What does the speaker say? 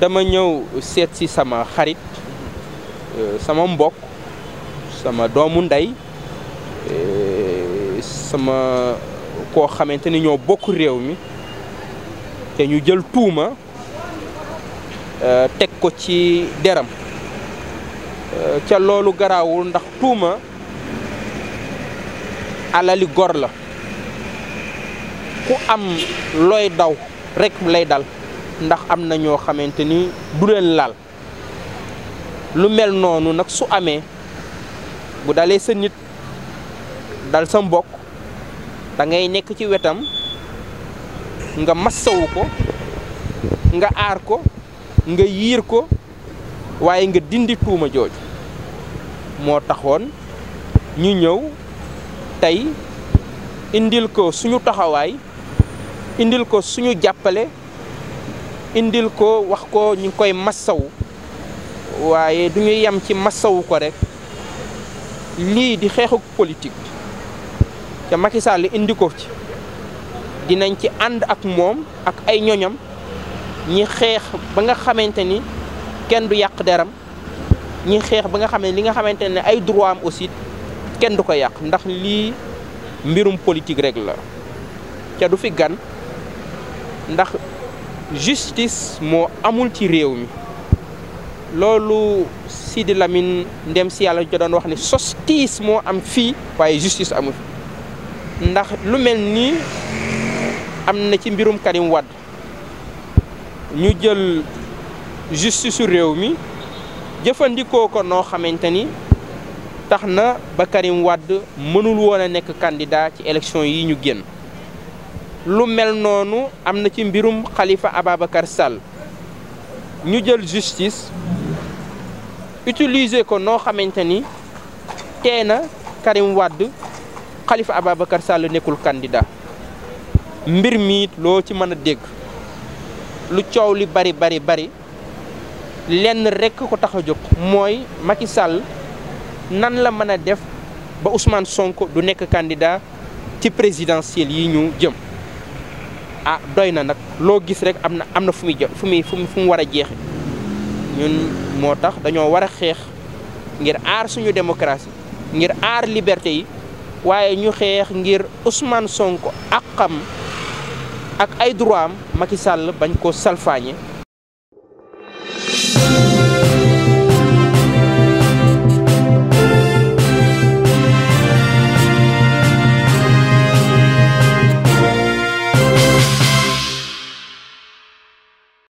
dama ñëw seet si sama xarit euh, sama mbokk sama doomu ndey euh, sama koo xamante ni ñoo bokk réew mi te ñu jël tuuma euh, teg ko ci deram ca loolu garaawul ndax tuuma alali gor la ku am looy daw rekk lay dal ndax am na ñoo xamante ni du leen laal lu mel noonu nag su amee bu dalee sa nit dal sa mbokk da ngay nekk ci wetam nga massawu ko nga aar ko nga yiir ko waaye nga dindi tuuma jooju moo taxoon ñu ñëw tey indil ko suñu taxawaay indil ko suñu jàppale indil ko wax ko ñu ngi koy massaw waaye du ñu yem ci massawu ko rek lii di xeexuk politique te Macky Sall indi ko ci dinañ ci ànd ak moom ak ay ñoñam ñi xeex ba nga xamante ni kenn du yàq deram ñi xeex ba nga xam ne li nga xamante ni ay droit am aussi kenn du ko yàq ndax lii mbirum politique rekk la te du fi gan ndax justis moo amul ci réew mi loolu Sidi lamin ndem si yàlla jo doon wax ni justice moo am fii waaye justis amul ndax lu mel nii am na ci mbirum Karim Wade ñu jël justice su réew mi jëfandikoo ko noo xamante ni tax na ba Karim Wade mënul woon a nekk candidat ci élection yi ñu génn lu mel noonu am na ci mbirum xalifa Ababacar Sall ñu jël justice utilise ko noo xamante ni tee na Karim Wade Khalifa Ababacar Sall nekkul candidat mbir miit loo ci mën a dégg lu coow li bari bari bari lenn rekk ko tax a jóg mooy Macky Sall nan la mën a def ba Ousmane Sonko du nekk candidat ci présidentielle yi ñu jëm ah doy na nag loo gis rek am na am na fu muy jo fu muy fu mu war a jeexe ñun moo tax dañoo war a xeex ngir aar suñu démocratie ngir aar liberté yi waaye ñu xeex ngir Ousmane Sonko àqam ak ay droit am Macky bañ koo salfaañe